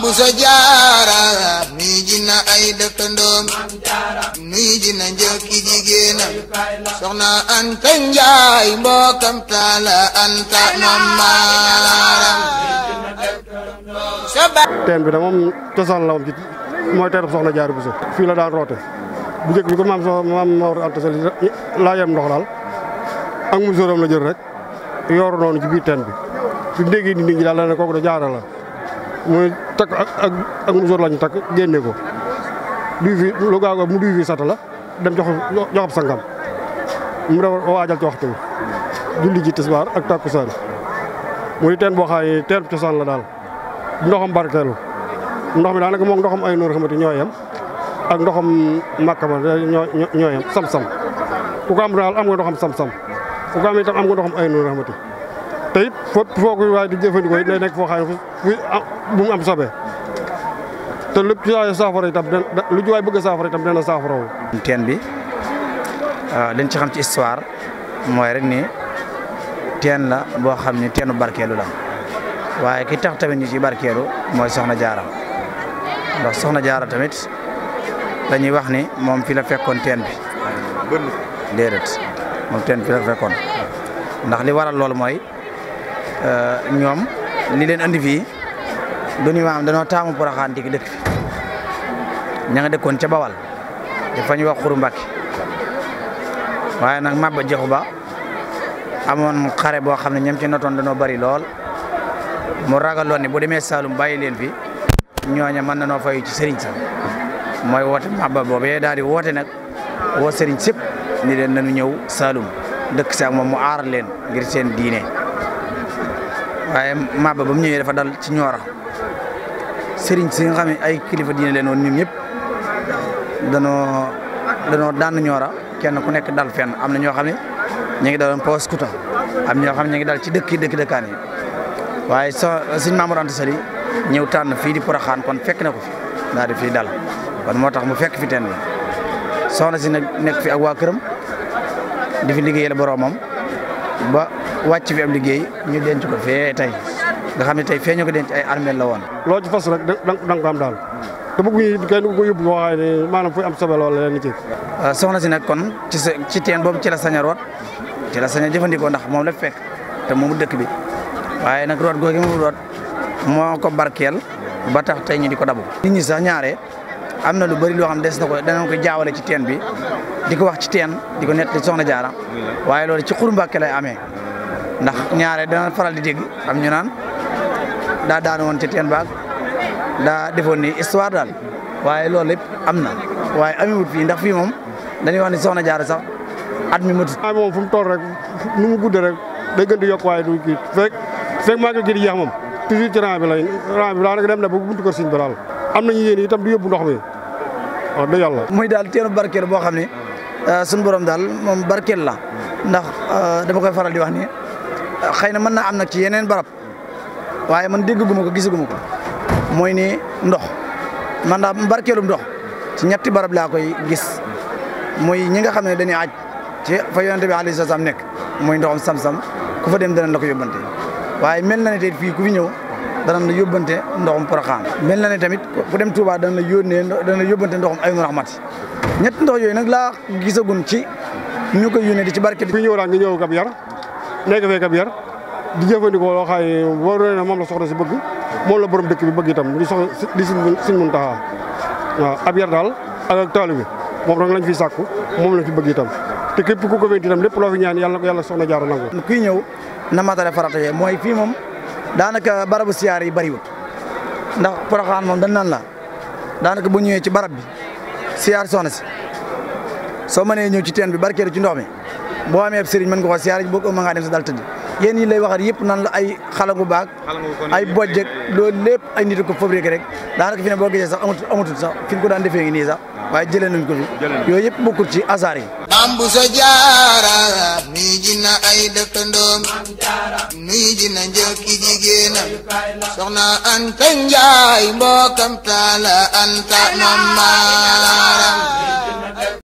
maam bu sa jaara ji na ay dëkkandoom nuy ji na njëkki jigéenam soxna Anta Njaay mbokkam taala Anta maam maaram teen bi da moom cosaan la moom ci mooy teenu soxna Jaara Buso fii la daan roote bu njëkk bi ko maam soxna maam Mawar Anta Sali laa ndox daal ak musóoram la jël rek yor noonu ci biir teen bi su déggee nit daal la ne kooku da jaara la mu takk ak ak ak musóor lañu takk génne ko duy fi lu gaaw mu duy fi sata la dem jox joxab sangam mu dem waajal tu waxtu julli ji tisbaar ak takkusaan muy teen boo xam ne teen cosaan la daal ndoxam barkeelu ndox mi daanaka moo ndoxam ay noor xamante ñoo ak ndoxam màkka ma ñoo ñoo yem sam-sam ku ko am daal am nga ndoxam sam-sam ku ko am itam am nga ndoxam ay noor xamante te it fépp waaye di jëfandikoo it lay nekk foo xam ne fu ah, bu mu am sobe te lépp ci waaye saafara itam lu ci waay bëgg a saafara itam dana saafarawu. teen bi dañ ah, ci xam ci histoire mooy rek ni teen la boo xam ni teenu barkeelu la waaye ki tax tamit ñu ci barkeelu mooy Soxna Jaara ndax Soxna Jaara tamit dañuy wax ni moom fi la fekkoon teen bi. déedéet moom teen fi fekkoon ndax li waral loolu mooy. Euh, ñoom li leen andi fii du ñu maanaam danoo taamu Porokhane di dëkk fi dëkkoon ca Bawal te fa ñu wax Xuru Mbàkke waaye nag Maba Jaxu Ba amoon xare boo xam ne ñam ci notoon danoo bari lool mu ragaloon ne bu demee Saalum bàyyi leen fi ñooña mën na noo fayu ci sëriñ sa mooy woote Maba boobee daal di woote nag woo sëriñ sëpp ni leen nañu ñëw Saalum dëkk si ak moom mu aar leen ngir seen diine waaye Maba ba mu ñëwee dafa dal ci Nioro sëriñ si nga xam ne ay kilifa diine leen woon ñun ñëpp danoo daan Nioro kenn ku nekk dal fenn am na ñoo xam ne ñu ngi daloon Paos Kuta am ñoo xam ne ñu ngi dal ci dëkk yi dëkk dëkkaan waaye soo sëñ Mamour Anta ñëw tànn fii di Porokhane kon fekk na ko fi daal fii dal kon moo tax mu fekk fi teen bi soxna si nekk fi ak waa këram di fi liggéeyal wàcc fi am liggéey ñu denc ko fee tey nga xam ne tey fee ñu ko denc ay armée la woon. loo ci fas rek da nga ko am daal te bëgg yi kay ko yóbbu boo xam ne maanaam fu am sobe loolu leen ah, si nag kon ci sa ci teen boobu ci la sañ a root ci la sañ a jëfandikoo ndax moom la fekk te moomu dëkk bi waaye nag root googu mu root moo ko barkeel ba tax tey ñi di ko dabu. nit ñi sax ñaare am na lu bari loo xam des na ko danañ ko jaawale ci teen bi di ko wax ci teen di ko nett soxna jaara waaye loolu ci Xuru lay amee. ndax ñaare dana faral di dégg am ñu daa daan woon ci teen baag daa defoon ni histoire daal waaye loolu lépp am na waaye amiwut fii ndax fii moom dañuy wax ni soxna jaara sax at mi matu a moom fu mu toll rek nu mu gudd rek day gën yokk waaye du kii fekk fekk maa ngi gii di jeex moom toujours ci rang bi lañ rang bi dem na ba buntu kër Sëriñ bi daal am nañu yéen itam du yóbbu ndox mi wax dëgg yàlla muy daal teenu barkeel boo xam ne euh, suñu borom daal moom barkeel la ndax euh, dama koy faral di wax ni xëy na mën naa am nag ci yeneen barab waaye man dégguma ko gisaguma ko mooy ni ndox man daa barkeelum ndox ci ñetti barab laa koy gis mooy ñi nga xam ne dañuy aj ci fa yonente bi alayhi salaam nekk mooy ndoxam sam-sam ku fa dem danañ la ko yóbbante waaye mel na ne tey fii ku fi ñëw danañ la yóbbante ndoxum Porokhane mel na ne tamit ku dem Touba danañ la yónnee danañ la yóbbante ndoxum Aynu Rahmati ñetti ndox yooyu nag laa gisagun ci nu koy yónnee di ci barke bi. fi ñëw naa nga ñëw gab yar. nekk fee kab yar di jëfandikoo loo xam ne na moom la soxna si bëgg moom la borom dëkk bi bëgg itam di soxla di Sëñ Muntaxa waaw ab yar daal ak ak taalibe moom rek lañ fi sàkku moom la fi bëgg itam te képp ku ko wénti itam lépp loo fi ñaan yàlla na ko yàlla soxna jaara nangu kuy ñëw na matale farata yee mooy fii moom daanaka barabu siyaar yi bariwut ndax Porokhane moom dañ naan la daanaka bu ñëwee ci barab bi siyaar soxna si soo mënee ñëw ci teen bi barkeelu ci ndox mi boo amee ab sëriñ mën nga ko siyaare boo ko mën ngaa dem sa dal tëdd yéen ñi lay waxat yëpp nan la ay xalangu baag ay bojjeg loolu lépp ay nit ko fabriqué rek daanaka fi ne boo gisee sax amatu amatul sax fi ko daan defee ngi nii sax waaye jëlee nañ ko fi yooyu yëpp bokkul ci asaar bambu sa jaara nuy ji na ay dëkkandoom nuy ji na njëkki jigéenam soxna Anta Njaay mbokkam taala Anta mamaram